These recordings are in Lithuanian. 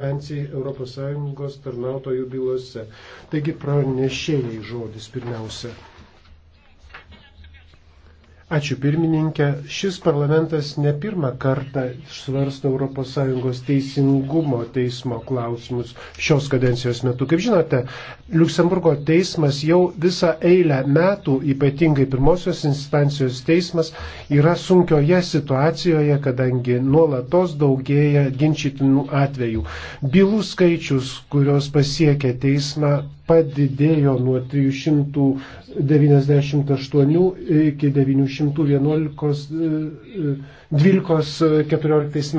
konvencijai ES tarnautojų bylose. Taigi pranešėjai žodis pirmiausia. Ačiū pirmininkė. Šis parlamentas ne pirmą kartą svarsto ES teisingumo teismo klausimus šios kadencijos metu. Kaip žinote, Luksemburgo teismas jau visą eilę metų, ypatingai pirmosios instancijos teismas, yra sunkioje situacijoje, kadangi nuolatos daugėja ginčytinų atvejų. Bylų skaičius, kurios pasiekia teismą, padidėjo nuo 398 iki 911-12-14 e, e, e,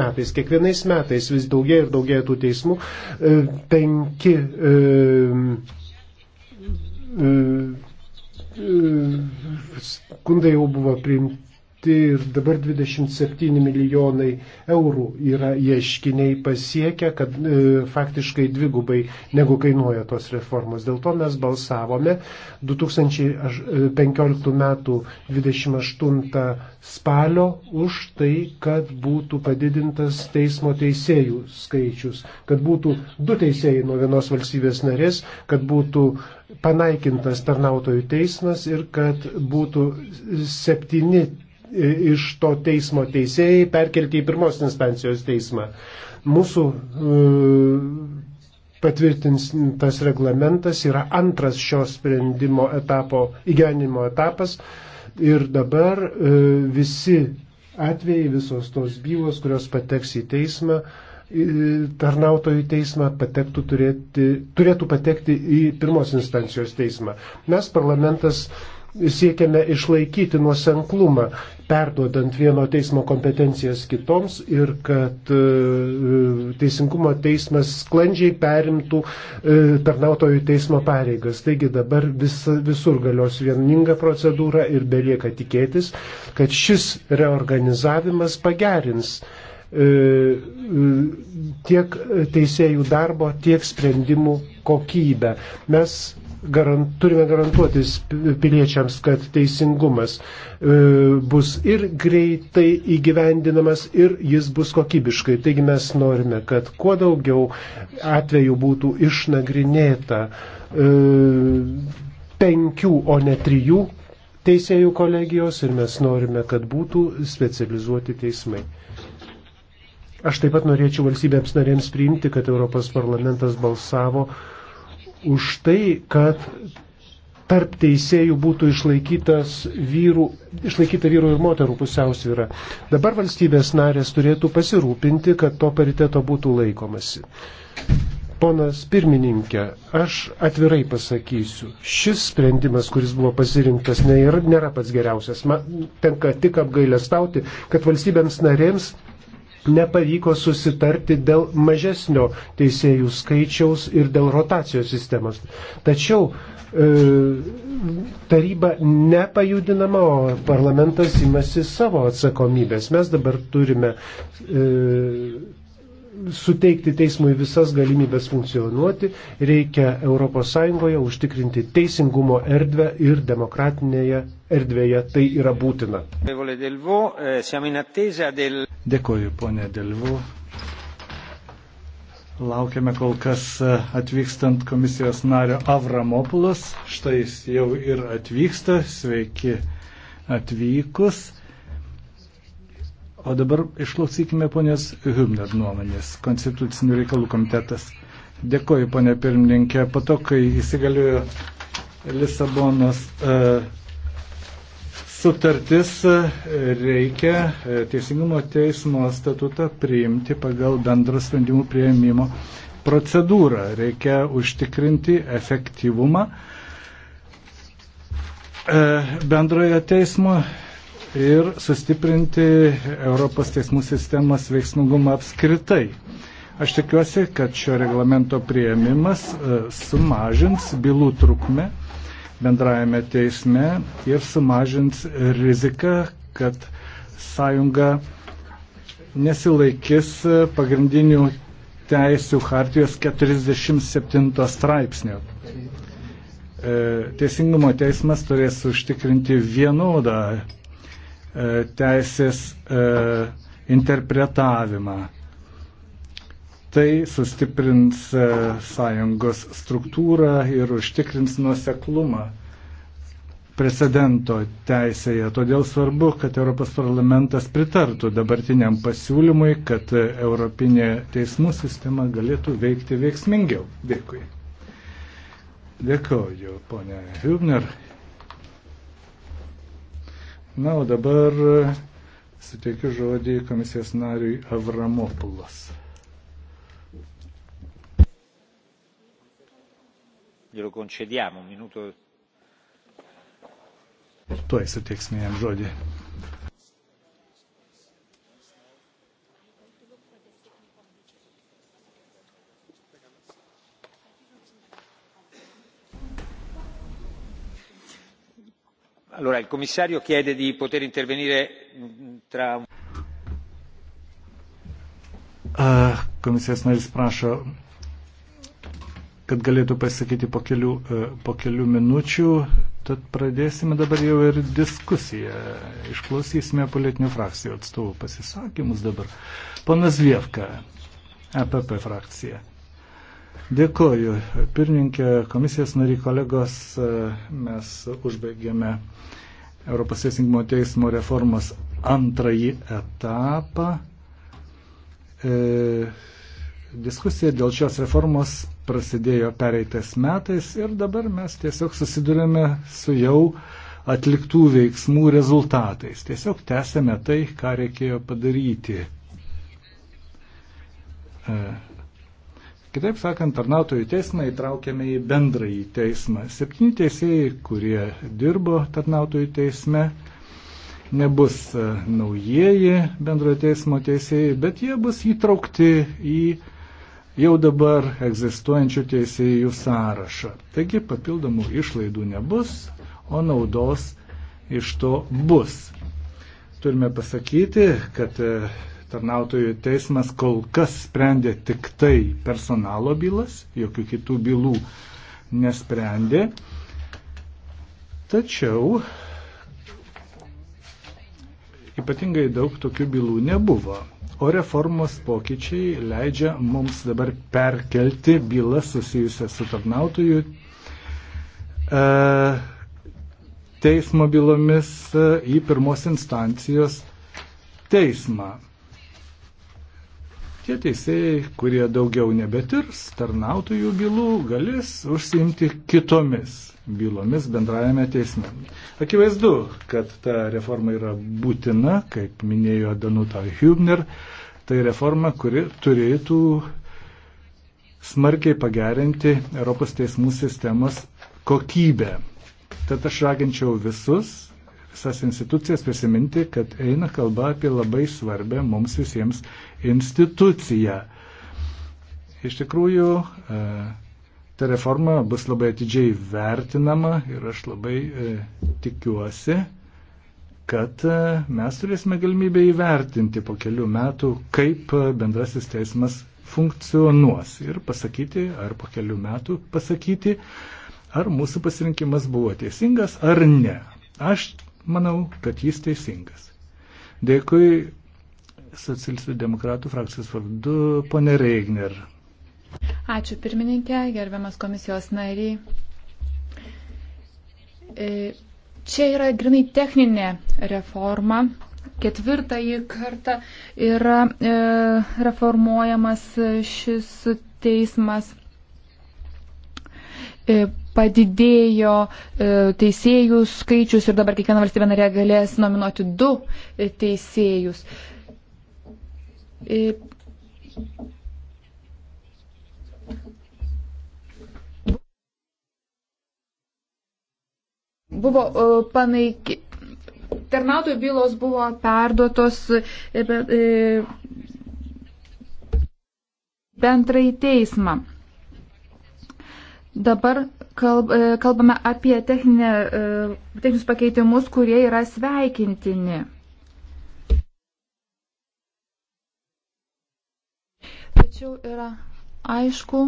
metais. Kiekvienais metais vis daugėja ir daugėja tų teismų. Penki e, e, skundai jau buvo priimti ir dabar 27 milijonai eurų yra ieškiniai pasiekę, kad e, faktiškai dvigubai negu kainuoja tos reformos. Dėl to mes balsavome 2015 m. 28 spalio už tai, kad būtų padidintas teismo teisėjų skaičius, kad būtų du teisėjai nuo vienos valstybės narės, kad būtų panaikintas tarnautojų teismas ir kad būtų septyni iš to teismo teisėjai perkelti į pirmos instancijos teismą. Mūsų e, patvirtintas reglamentas yra antras šio sprendimo etapo, įgyvenimo etapas ir dabar e, visi atvejai, visos tos bylos, kurios pateks į teismą, tarnautojų teismą patektų turėti, turėtų patekti į pirmos instancijos teismą. Mes parlamentas siekiame išlaikyti nuosenklumą, perduodant vieno teismo kompetencijas kitoms ir kad e, teisingumo teismas sklandžiai perimtų e, tarnautojų teismo pareigas. Taigi dabar vis, visur galios vieninga procedūra ir belieka tikėtis, kad šis reorganizavimas pagerins e, tiek teisėjų darbo, tiek sprendimų kokybę. Mes garant, turime garantuoti piliečiams, kad teisingumas e, bus ir greitai įgyvendinamas, ir jis bus kokybiškai. Taigi mes norime, kad kuo daugiau atvejų būtų išnagrinėta e, penkių, o ne trijų teisėjų kolegijos ir mes norime, kad būtų specializuoti teismai. Aš taip pat norėčiau valstybėms narėms priimti, kad Europos parlamentas balsavo už tai, kad tarp teisėjų būtų vyrų, išlaikyta vyrų ir moterų pusiausvyrą. Dabar valstybės narės turėtų pasirūpinti, kad to pariteto būtų laikomasi. Ponas pirmininkė, aš atvirai pasakysiu, šis sprendimas, kuris buvo pasirinktas, nėra, nėra pats geriausias. Man tenka tik apgailestauti, kad valstybėms narėms nepavyko susitarti dėl mažesnio teisėjų skaičiaus ir dėl rotacijos sistemos. Tačiau e, taryba nepajudinama, o parlamentas imasi savo atsakomybės. Mes dabar turime e, suteikti teismui visas galimybės funkcionuoti, reikia ES užtikrinti teisingumo erdvę ir demokratinėje erdvėje. Tai yra būtina. Eh, Dėkoju, ponė Delvu. Laukiame kol kas eh, atvykstant komisijos nario Avramopulos. Štai jis jau ir atvyksta. Sveiki atvykus. O dabar išklausykime ponios Hübner nuomonės, Konstitucinių reikalų komitetas. Dėkoju, ponė pirmininkė. Po to, kai įsigaliojo Lisabonos e, sutartis, e, reikia e, Teisingumo teismo statutą priimti pagal bendrą sprendimų prieimimo procedūrą. Reikia užtikrinti efektyvumą e, bendrojo teismo ir sustiprinti Europos teismų sistemos veiksmingumą apskritai. Aš tikiuosi, kad šio reglamento prieimimas e, sumažins bylų trukmę bendrajame teisme ir sumažins riziką, kad sąjunga nesilaikys e, pagrindinių teisų hartijos 47 straipsnio. E, Teisingumo teismas turės užtikrinti vienodą E, teisės e, interpretavimą. Tai sustiprins e, sąjungos struktūrą ir užtikrins nuoseklumą precedento teisėje. Todėl svarbu, kad Europos parlamentas pritartų dabartiniam pasiūlymui, kad Europinė teismų sistema galėtų veikti veiksmingiau. Dėkui. Dėkoju, ponia Hübner. Na, o dabar e, suteikiu žodį komisijos nariui Avramopulas. Glielo concediamo un minuto. Tuoj suteiksime jam žodį. Allora, il commissario chiede di poter intervenire mm, tra. Komisijos narys prašo, kad galėtų pasakyti po kelių, e, po kelių minučių, tad pradėsime dabar jau ir diskusiją. Išklausysime politinių frakcijų atstovų pasisakymus dabar. Ponas Vievka, EPP frakcija. Dėkuoju. Pirmininkė, komisijos nariai, kolegos, e, mes užbaigėme Europos Teisingumo teismo reformos antrąjį etapą. E, diskusija dėl šios reformos prasidėjo pereitais metais ir dabar mes tiesiog susidurėme su jau atliktų veiksmų rezultatais. Tiesiog tęsėme tai, ką reikėjo padaryti. E, Kitaip sakant, tarnautojų teismą įtraukėme į bendrąjį teismą. Septyni teisėjai, kurie dirbo tarnautojų teisme, nebus e, naujieji bendrojo teismo teisėjai, bet jie bus įtraukti į jau dabar egzistuojančių teisėjų sąrašą. Taigi papildomų išlaidų nebus, o naudos iš to bus. Turime pasakyti, kad e, tarnautojų teismas kol kas sprendė tik tai personalo bylas, jokių kitų bylų nesprendė. Tačiau ypatingai daug tokių bylų nebuvo. O reformos pokyčiai leidžia mums dabar perkelti bylas susijusią su tarnautojų e, teismo bylomis e, į pirmos instancijos teismą. Tie teisėjai, kurie daugiau nebetirs tarnautojų bylų, galės užsiimti kitomis bylomis bendrajame teisme. Akivaizdu, kad ta reforma yra būtina, kaip minėjo Danuta Hübner, tai reforma, kuri turėtų smarkiai pagerinti Europos teismų sistemos kokybę. Tad aš raginčiau visus visas institucijas prisiminti, kad eina kalba apie labai svarbę mums visiems instituciją. Iš tikrųjų, e, ta reforma bus labai atidžiai vertinama ir aš labai e, tikiuosi, kad e, mes turėsime galimybę įvertinti po kelių metų, kaip bendrasis teismas funkcionuos ir pasakyti, ar po kelių metų pasakyti, ar mūsų pasirinkimas buvo teisingas ar ne. Aš Manau, kad jis teisingas. Dėkui socialistų demokratų frakcijos vardu, ponė Reigner. Ačiū pirmininkė, gerbiamas komisijos nariai. E, čia yra grinai techninė reforma. Ketvirtąjį kartą yra e, reformuojamas šis teismas E, padidėjo e, teisėjų skaičius ir dabar kiekviena valstybė narė galės nominuoti du e, teisėjus. Buvo panaikinti. Tarnautojų bylos buvo perduotos bendrai teismą. Dabar kalb, e, kalbame apie techninę, e, techninius pakeitimus, kurie yra sveikintini. Tačiau yra aišku,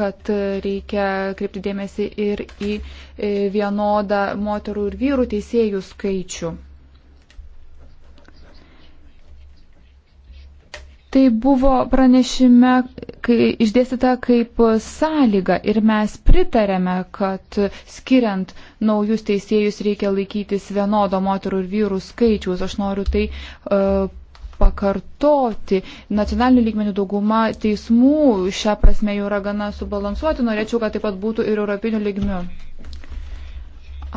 kad reikia kreipti dėmesį ir į e, vienodą moterų ir vyrų teisėjų skaičių. Tai buvo pranešime kai, išdėstyta kaip sąlyga ir mes pritarėme, kad skiriant naujus teisėjus reikia laikytis vienodo moterų ir vyrų skaičiaus. Aš noriu tai uh, pakartoti. Nacionalinių lygmenių dauguma teismų šią prasme jau yra gana subalansuoti. Norėčiau, kad taip pat būtų ir europinių lygmių.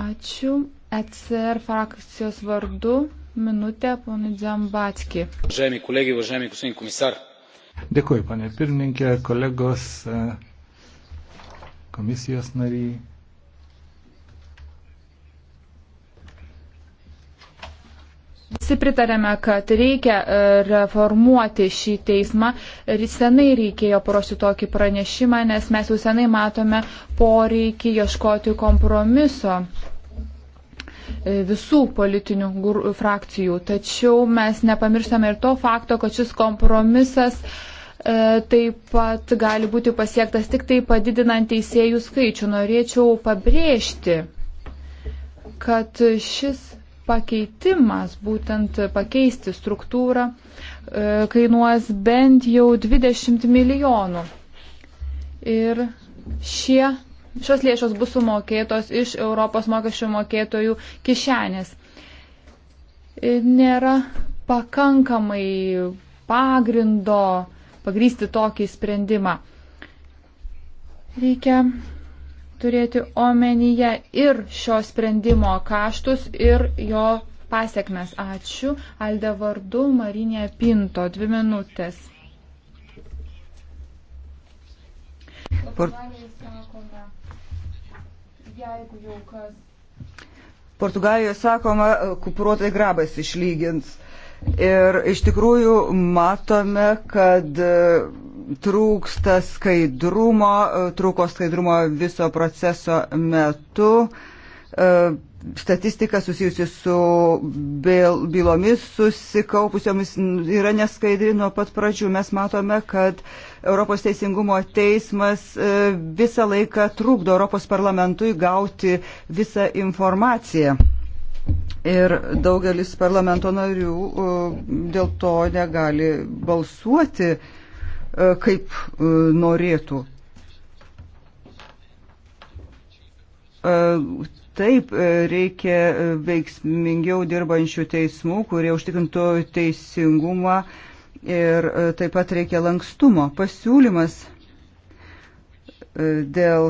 Ačiū. ECR frakcijos vardu minutę ponui Dzambatski. Žemė kolegai, važiavimai, kusin komisar. Dėkuoju, panė pirmininkė, kolegos, komisijos nariai. Visi pritarėme, kad reikia e, reformuoti šį teismą ir senai reikėjo paruošti tokį pranešimą, nes mes jau senai matome poreikį ieškoti kompromiso. E, visų politinių frakcijų. Tačiau mes nepamirštame ir to fakto, kad šis kompromisas e, taip pat gali būti pasiektas tik tai padidinant teisėjų skaičių. Norėčiau pabrėžti, kad šis pakeitimas, būtent pakeisti struktūrą, e, kainuos bent jau 20 milijonų. Ir šie šios lėšos bus sumokėtos iš Europos mokesčių mokėtojų kišenės. E, nėra pakankamai pagrindo pagrysti tokį sprendimą. Reikia turėti omenyje ir šio sprendimo kaštus, ir jo pasiekmes. Ačiū. Alde vardu Marinė Pinto. Dvi minutės. Por... Portugalija jeigu jau kas. Portugalijoje sakoma, kupuruotai grabas išlygins. Ir iš tikrųjų matome, kad e, trūksta skaidrumo, e, trūko skaidrumo viso proceso metu. E, statistika susijusi su bylomis susikaupusiomis yra neskaidri nuo pat pradžių. Mes matome, kad Europos Teisingumo teismas e, visą laiką trukdo Europos parlamentui gauti visą informaciją. Ir daugelis parlamento narių e, dėl to negali balsuoti, e, kaip norėtų Taip, e, reikia e, veiksmingiau dirbančių teismų, kurie užtikrintų teisingumą ir e, taip pat reikia lankstumo. Pasiūlymas dėl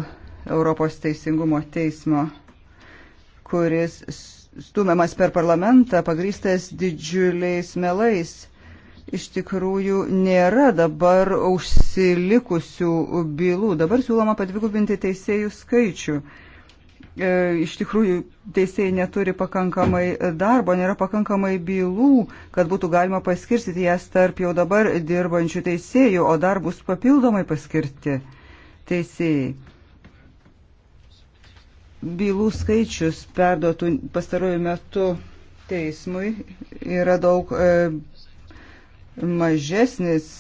Europos teisingumo teismo, kuris stumiamas per parlamentą, pagrystas didžiuliais melais. Iš tikrųjų nėra dabar užsilikusių bylų. Dabar siūloma padvigubinti teisėjų skaičių. E, iš tikrųjų teisėjai neturi pakankamai darbo, nėra pakankamai bylų, kad būtų galima paskirstyti jas tarp jau dabar dirbančių teisėjų, o dar bus papildomai paskirti teisėjai. Bylų skaičius perduotų pastarojų metų teismui yra daug e, mažesnis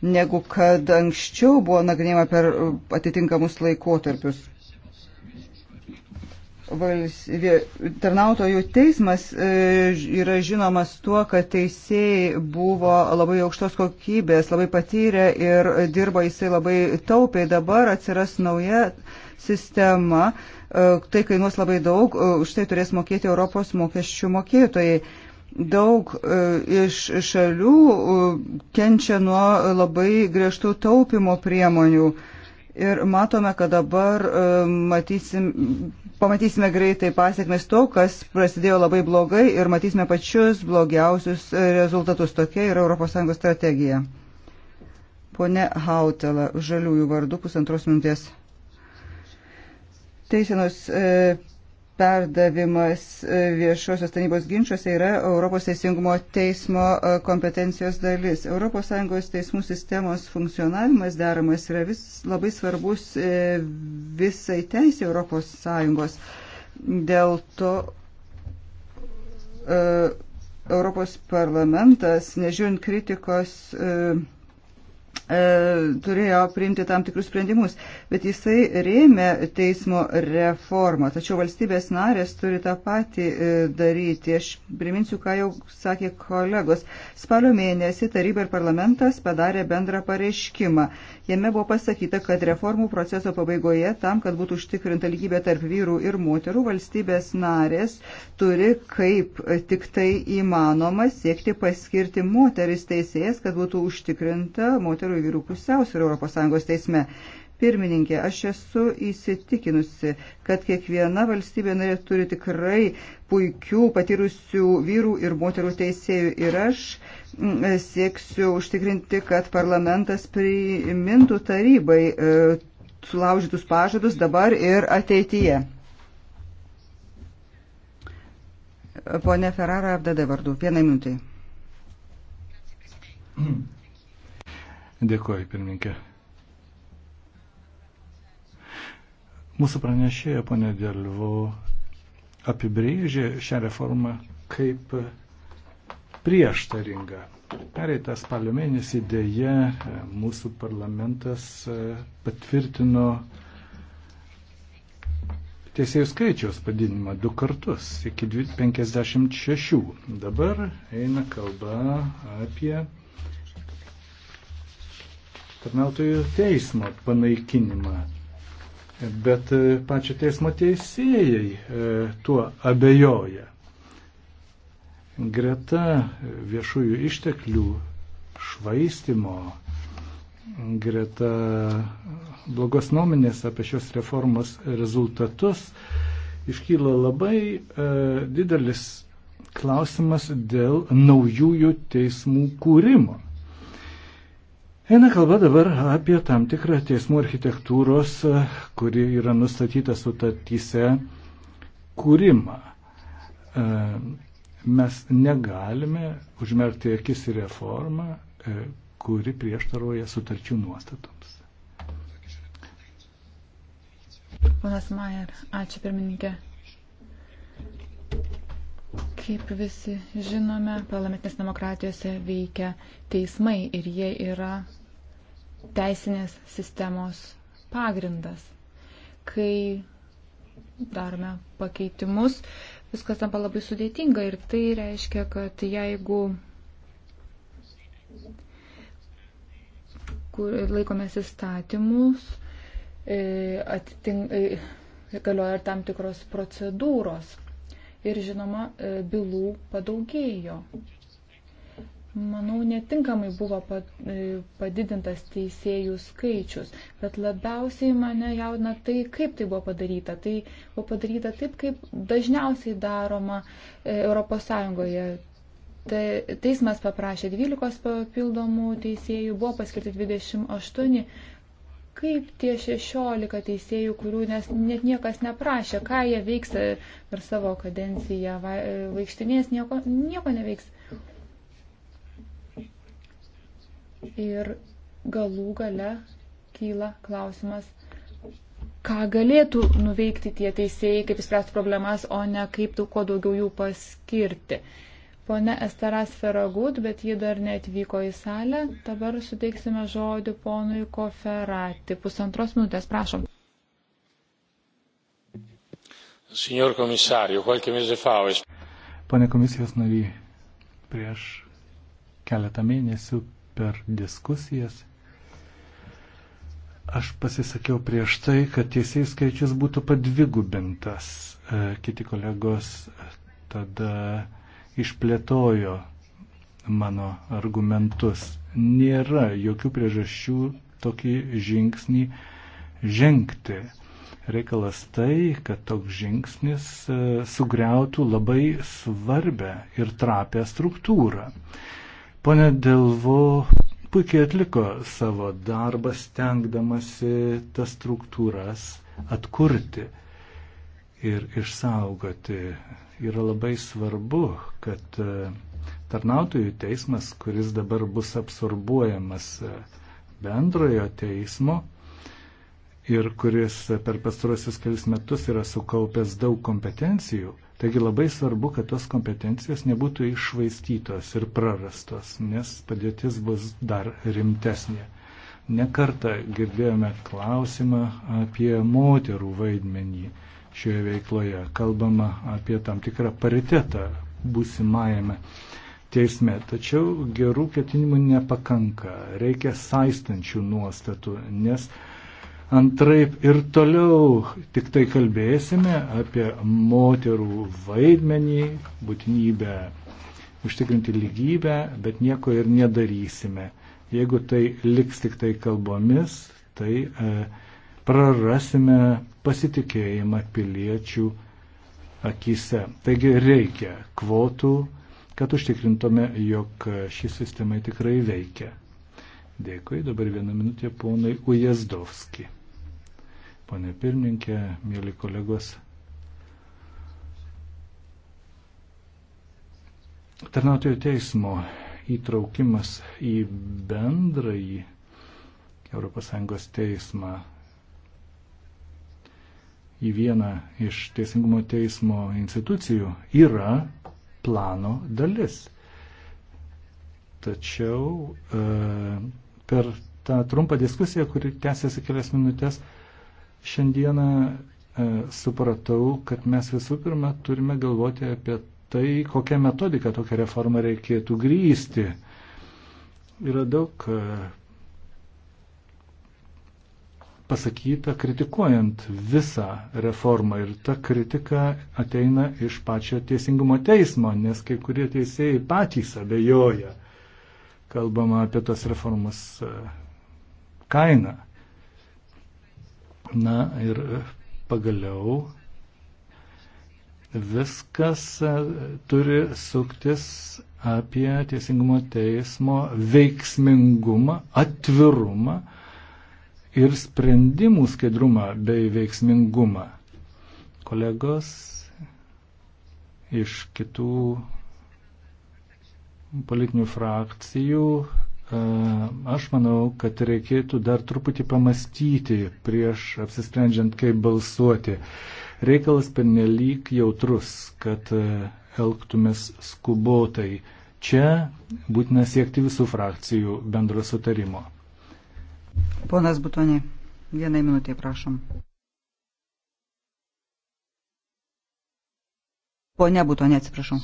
negu kad anksčiau buvo nagrinėjama per e, atitinkamus laikotarpius tarnautojų teismas e, yra žinomas tuo, kad teisėjai buvo labai aukštos kokybės, labai patyrę ir dirbo jisai labai taupiai. Dabar atsiras nauja sistema, e, tai kainuos labai daug, e, už tai turės mokėti Europos mokesčių mokėtojai. Daug iš šalių kenčia nuo labai griežtų taupimo priemonių. Ir matome, kad dabar matysim, pamatysime greitai pasiekmes to, kas prasidėjo labai blogai ir matysime pačius blogiausius rezultatus. Tokia yra ES strategija. Pone Hautela, žaliųjų vardu pusantros minutės. Teisenos e, perdavimas e, viešosios tarnybos ginčiuose yra Europos Teisingumo teismo e, kompetencijos dalis. ES teismų sistemos funkcionavimas deramas yra vis, labai svarbus e, visai teisė ES. Dėl to Europos parlamentas, nežiūrint kritikos, E, turėjo priimti tam tikrus sprendimus, bet jisai rėmė teismo reformą, tačiau valstybės narės turi tą patį e, daryti. Aš priminsiu, ką jau sakė kolegos. Spalio mėnesį taryba ir parlamentas padarė bendrą pareiškimą. Jame buvo pasakyta, kad reformų proceso pabaigoje tam, kad būtų užtikrinta lygybė tarp vyrų ir moterų, valstybės narės turi kaip tik tai įmanoma siekti paskirti moteris teisėjas, kad būtų užtikrinta moterų moterų ir vyrų pusiausvyrą ES teisme. Pirmininkė, aš esu įsitikinusi, kad kiekviena valstybė narė turi tikrai puikių patyrusių vyrų ir moterų teisėjų ir aš mm, sieksiu užtikrinti, kad parlamentas primintų tarybai e, sulaužytus pažadus dabar ir ateityje. Pone Ferrara, apdada vardu. Vienai minutai. Dėkuoju, pirmininkė. Mūsų pranešėja, ponė Delvo, apibrėžė šią reformą kaip prieštaringą. Pereitą spalio mėnesį dėje e, mūsų parlamentas e, patvirtino teisėjų skaičiaus padidinimą du kartus iki 56. Dabar eina kalba apie tarnautojų teismo panaikinimą. Bet e, pačio teismo teisėjai e, tuo abejoja. Greta viešųjų išteklių švaistimo, greta blogos nuomonės apie šios reformos rezultatus, iškyla labai e, didelis klausimas dėl naujųjų teismų kūrimo. Eina kalba dabar apie tam tikrą teismų architektūros, e, kuri yra nustatyta sutartyse, kūrimą. E, mes negalime užmerkti akis į reformą, e, kuri prieštaroja sutarčių nuostatoms. Ponas Majer, ačiū pirmininkė. Kaip visi žinome, parlamentinės demokratijose veikia teismai ir jie yra teisinės sistemos pagrindas. Kai darome pakeitimus, viskas tampa labai sudėtinga ir tai reiškia, kad jeigu laikomės įstatymus, e, atitink, e, galioja ir tam tikros procedūros ir žinoma e, bylų padaugėjo. Manau, netinkamai buvo e, padidintas teisėjų skaičius, bet labiausiai mane jaudina tai, kaip tai buvo padaryta. Tai buvo padaryta taip, kaip dažniausiai daroma ES. Tai teismas paprašė 12 papildomų teisėjų, buvo paskirti 28 kaip tie 16 teisėjų, kurių nes, net niekas neprašė, ką jie veiks e, per savo kadenciją, va, e, vaikštinės nieko, nieko neveiks. Ir galų gale kyla klausimas, ką galėtų nuveikti tie teisėjai, kaip spręsti problemas, o ne kaip daug, kuo daugiau jų paskirti. Uh, Pone Esteras Feragut, bet ji dar neatvyko į salę. Dabar suteiksime žodį ponui Koferati. Pusantros minutės, prašom. Signor komisario, qualche mese fa. Pane komisijos nary, prieš keletą mėnesių per diskusijas aš pasisakiau prieš tai, kad teisėjų skaičius būtų padvigubintas. E, kiti kolegos tada išplėtojo mano argumentus. Nėra jokių priežasčių tokį žingsnį žengti. Reikalas tai, kad toks žingsnis e, sugriautų labai svarbę ir trapę struktūrą. Pone Delvo puikiai atliko savo darbą, stengdamasi tas struktūras atkurti ir išsaugoti yra labai svarbu, kad e, tarnautojų teismas, kuris dabar bus absorbuojamas e, bendrojo teismo ir kuris per pastarosius kelius metus yra sukaupęs daug kompetencijų, Taigi labai svarbu, kad tos kompetencijos nebūtų išvaistytos ir prarastos, nes padėtis bus dar rimtesnė. Nekartą girdėjome klausimą apie moterų vaidmenį šioje veikloje. Kalbama apie tam tikrą paritetą būsimajame teisme. Tačiau gerų ketinimų nepakanka. Reikia saistančių nuostatų, nes antraip ir toliau tik tai kalbėsime apie moterų vaidmenį, būtinybę užtikrinti lygybę, bet nieko ir nedarysime. Jeigu tai liks tik tai kalbomis, tai e, prarasime pasitikėjimą piliečių akise. Taigi reikia kvotų, kad užtikrintume, jog ši sistema tikrai veikia. Dėkui, dabar vieną minutę ponai Ujazdovski. Pone pirmininkė, mėly kolegos. Tarnautojų teismo įtraukimas į bendrąjį ES teismą į vieną iš Teisingumo teismo institucijų yra plano dalis. Tačiau e, per tą trumpą diskusiją, kuri tęsiasi kelias minutės, šiandieną e, supratau, kad mes visų pirma turime galvoti apie tai, kokią metodiką tokią reformą reikėtų grįsti. Yra daug e, pasakyta kritikuojant visą reformą ir ta kritika ateina iš pačio teisingumo teismo, nes kai kurie teisėjai patys abejoja, kalbama apie tos reformos e, kainą. Na ir pagaliau viskas e, turi suktis apie teisingumo teismo veiksmingumą, atvirumą, ir sprendimų skaidrumą bei veiksmingumą. Kolegos iš kitų politinių frakcijų, e, aš manau, kad reikėtų dar truputį pamastyti prieš apsisprendžiant, kaip balsuoti. Reikalas pernelyg jautrus, kad e, elgtumės skubotai. Čia būtina siekti visų frakcijų bendro sutarimo. Ponas Butonė, vienai minutė prašom. Pone Butonė, atsiprašau.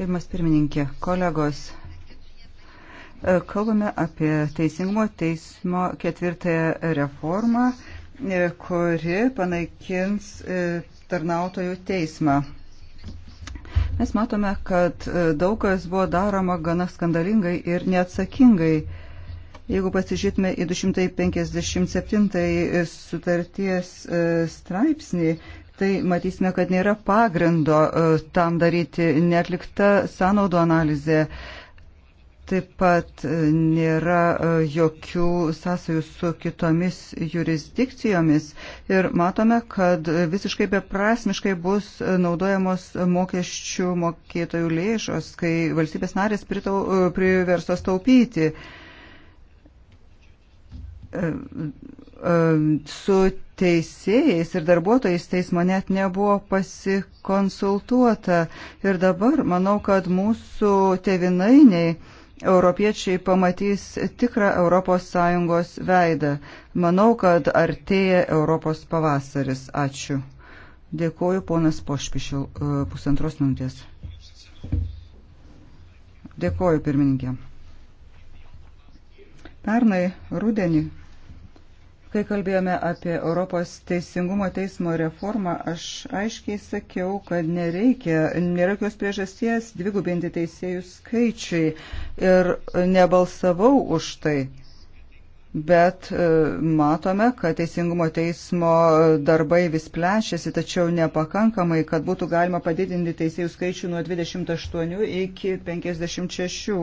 Kaimas pirmininkė, kolegos, e, kalbame apie Teisingumo teismo ketvirtąją reformą, e, kuri panaikins e, tarnautojų teismą. Mes matome, kad daug kas buvo daroma gana skandalingai ir neatsakingai. Jeigu pasižiūrėtume į 257 sutarties e, straipsnį, tai matysime, kad nėra pagrindo e, tam daryti netlikta sąnaudų analizė. Taip pat e, nėra jokių sąsajų su kitomis jurisdikcijomis ir matome, kad visiškai beprasmiškai bus naudojamos mokesčių mokėtojų lėšos, kai valstybės narės priversos taupyti su teisėjais ir darbuotojais teismo net nebuvo pasikonsultuota. Ir dabar manau, kad mūsų tevinainiai europiečiai pamatys tikrą ES veidą. Manau, kad artėja Europos pavasaris. Ačiū. Dėkuoju, ponas Pošpišil, e, pusantros minutės. Dėkuoju, pirmininkė. Pernai rudenį Kai kalbėjome apie Europos teisingumo teismo reformą, aš aiškiai sakiau, kad nereikia, nėra jokios priežasties dvigubinti teisėjų skaičiai ir nebalsavau už tai. Bet e, matome, kad teisingumo teismo darbai vis plečiasi, tačiau nepakankamai, kad būtų galima padidinti teisėjų skaičių nuo 28 iki 56.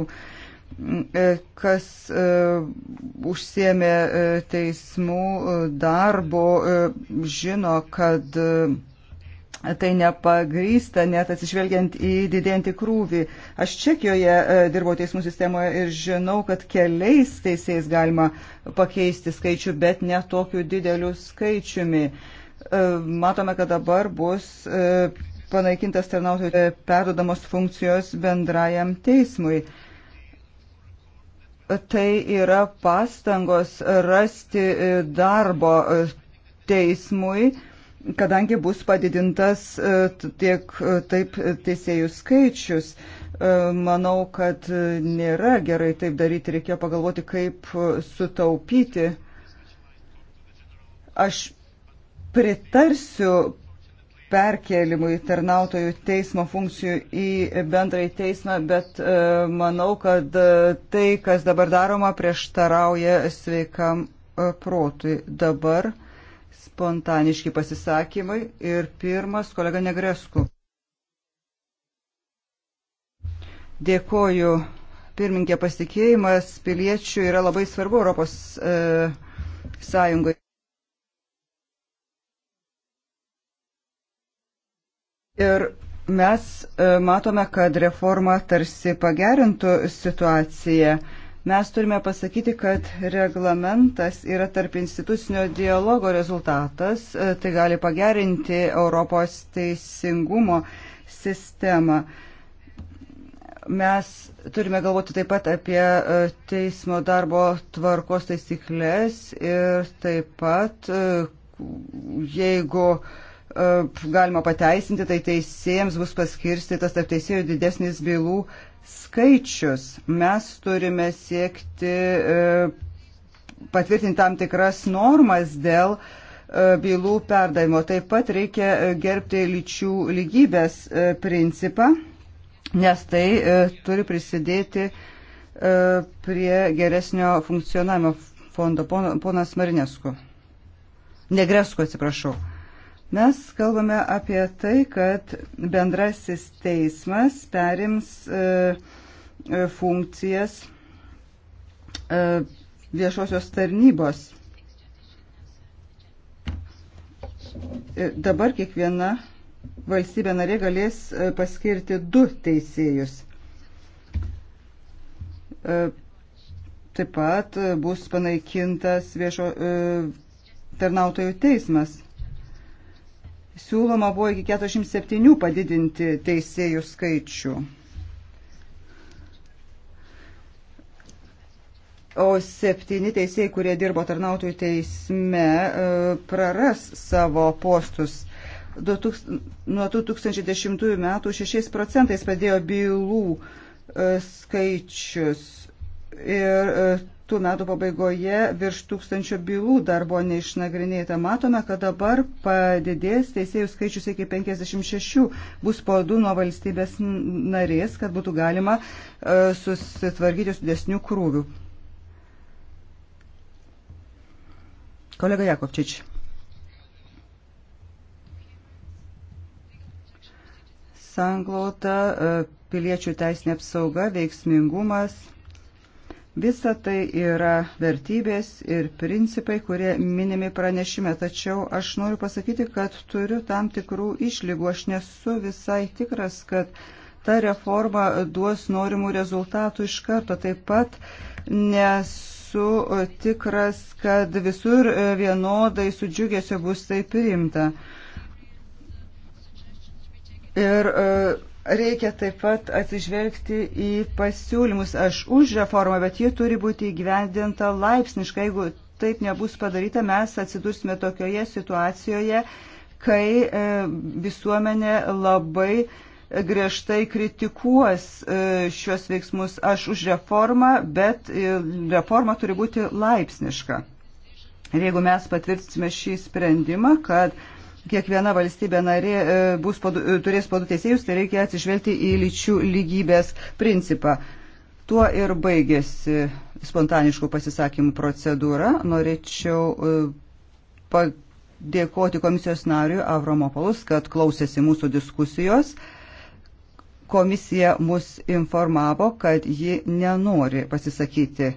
E, kas e, užsiemė e, teismų darbo, žino, kad tai nepagrysta, net atsižvelgiant į didėjantį krūvį. Aš Čekijoje dirbau teismų sistemoje ir žinau, kad keliais teisėjais galima pakeisti skaičių, bet ne tokiu dideliu skaičiumi. Matome, kad dabar bus panaikintas tarnautojų perdodamos funkcijos bendrajam teismui tai yra pastangos rasti e, darbo e, teismui, kadangi bus padidintas e, tiek taip teisėjų skaičius. Manau, kad nėra gerai taip daryti, reikėjo pagalvoti, kaip sutaupyti. Aš pritarsiu perkelimui tarnautojų teismo funkcijų į bendrąjį teismą, bet e, manau, kad e, tai, kas dabar daroma, prieštarauja sveikam e, protui. Dabar spontaniški pasisakymai ir pirmas kolega Negresku. Dėkoju. Pirminkė pasitikėjimas piliečių yra labai svarbu Europos e, Sąjungoje. Ir mes e, matome, kad reforma tarsi pagerintų situaciją. Mes turime pasakyti, kad reglamentas yra tarp institucinio dialogo rezultatas, e, tai gali pagerinti Europos teisingumo sistemą. Mes turime galvoti taip pat apie e, teismo darbo tvarkos taisyklės ir taip pat, jeigu uh, E, galima pateisinti, tai teisėjams bus paskirstytas tarp teisėjų didesnis bylų skaičius. Mes turime siekti e, patvirtinti tam tikras normas dėl e, bylų perdavimo. Taip pat reikia gerbti lyčių lygybės principą, nes tai turi prisidėti prie geresnio funkcionavimo fondo. Ponas Marinesku. Negresku, atsiprašau. Mes kalbame apie tai, kad bendrasis teismas perims e, e, funkcijas e, viešosios tarnybos. Dabar kiekviena valstybė narė galės paskirti du teisėjus. Taip pat bus panaikintas viešo tarnautojų teismas siūloma buvo iki 47 padidinti teisėjų skaičių. O septyni teisėjai, kurie dirbo tarnautojų teisme, e, praras savo postus. Nuo 2010 metų 6 procentais padėjo bylų e, skaičius ir e, tų metų pabaigoje virš tūkstančio bylų dar buvo neišnagrinėta. Matome, kad dabar padidės teisėjų skaičius iki 56, bus po du nuo valstybės narės, kad būtų galima e, susitvarkyti su desniu krūviu. Kolega Jakovčič. Sanglauta, e, piliečių teisinė apsauga, veiksmingumas. Visa tai yra vertybės ir principai, kurie minimi pranešime, tačiau aš noriu pasakyti, kad turiu tam tikrų išlygų. Aš nesu visai tikras, kad ta reforma duos norimų rezultatų iš karto. Taip pat nesu tikras, kad visur vienodai su džiugėsiu bus tai priimta. Ir uh, Reikia taip pat atsižvelgti į pasiūlymus. Aš už reformą, bet ji turi būti įgyvendinta laipsniškai. Jeigu taip nebus padaryta, mes atsidursime tokioje situacijoje, kai e, visuomenė labai griežtai kritikuos e, šios veiksmus. Aš už reformą, bet e, reforma turi būti laipsniška. Ir jeigu mes patvirtinsime šį sprendimą, kad uh, kiekviena valstybė narė e, bus po, e, turės po du teisėjus, tai reikia atsižvelgti į lyčių lygybės principą. Tuo ir baigėsi spontaniškų pasisakymų procedūra. Norėčiau e, padėkoti komisijos nariui Avromopolus, kad klausėsi mūsų diskusijos. Komisija mus informavo, kad ji nenori pasisakyti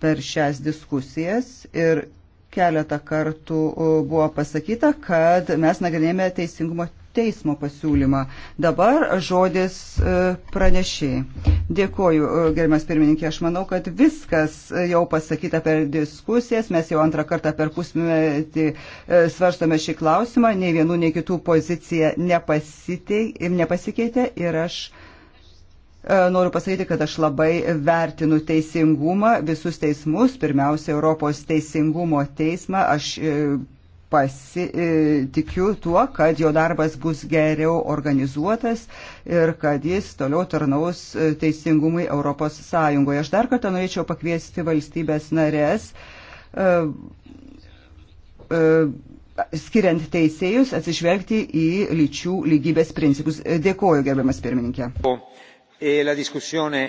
per šias diskusijas ir Keletą kartų buvo pasakyta, kad mes nagrinėjame teisingumo teismo pasiūlymą. Dabar žodis e, pranešiai. Dėkoju, e, gerimas pirmininkė, aš manau, kad viskas jau pasakyta per diskusijas, mes jau antrą kartą per pusmetį e, svarstome šį klausimą, nei vienų, nei kitų pozicija nepasikeitė ir aš E, noriu pasakyti, kad aš labai vertinu teisingumą, visus teismus, pirmiausia, Europos teisingumo teismą. Aš e, pasitikiu e, tuo, kad jo darbas bus geriau organizuotas ir kad jis toliau tarnaus teisingumui Europos Sąjungoje. Aš dar kartą norėčiau pakviesti valstybės narės skiriant teisėjus atsižvelgti į lyčių lygybės principus. Dėkuoju, gerbiamas pirmininkė. O. E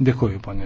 Dėkuoju, ponė.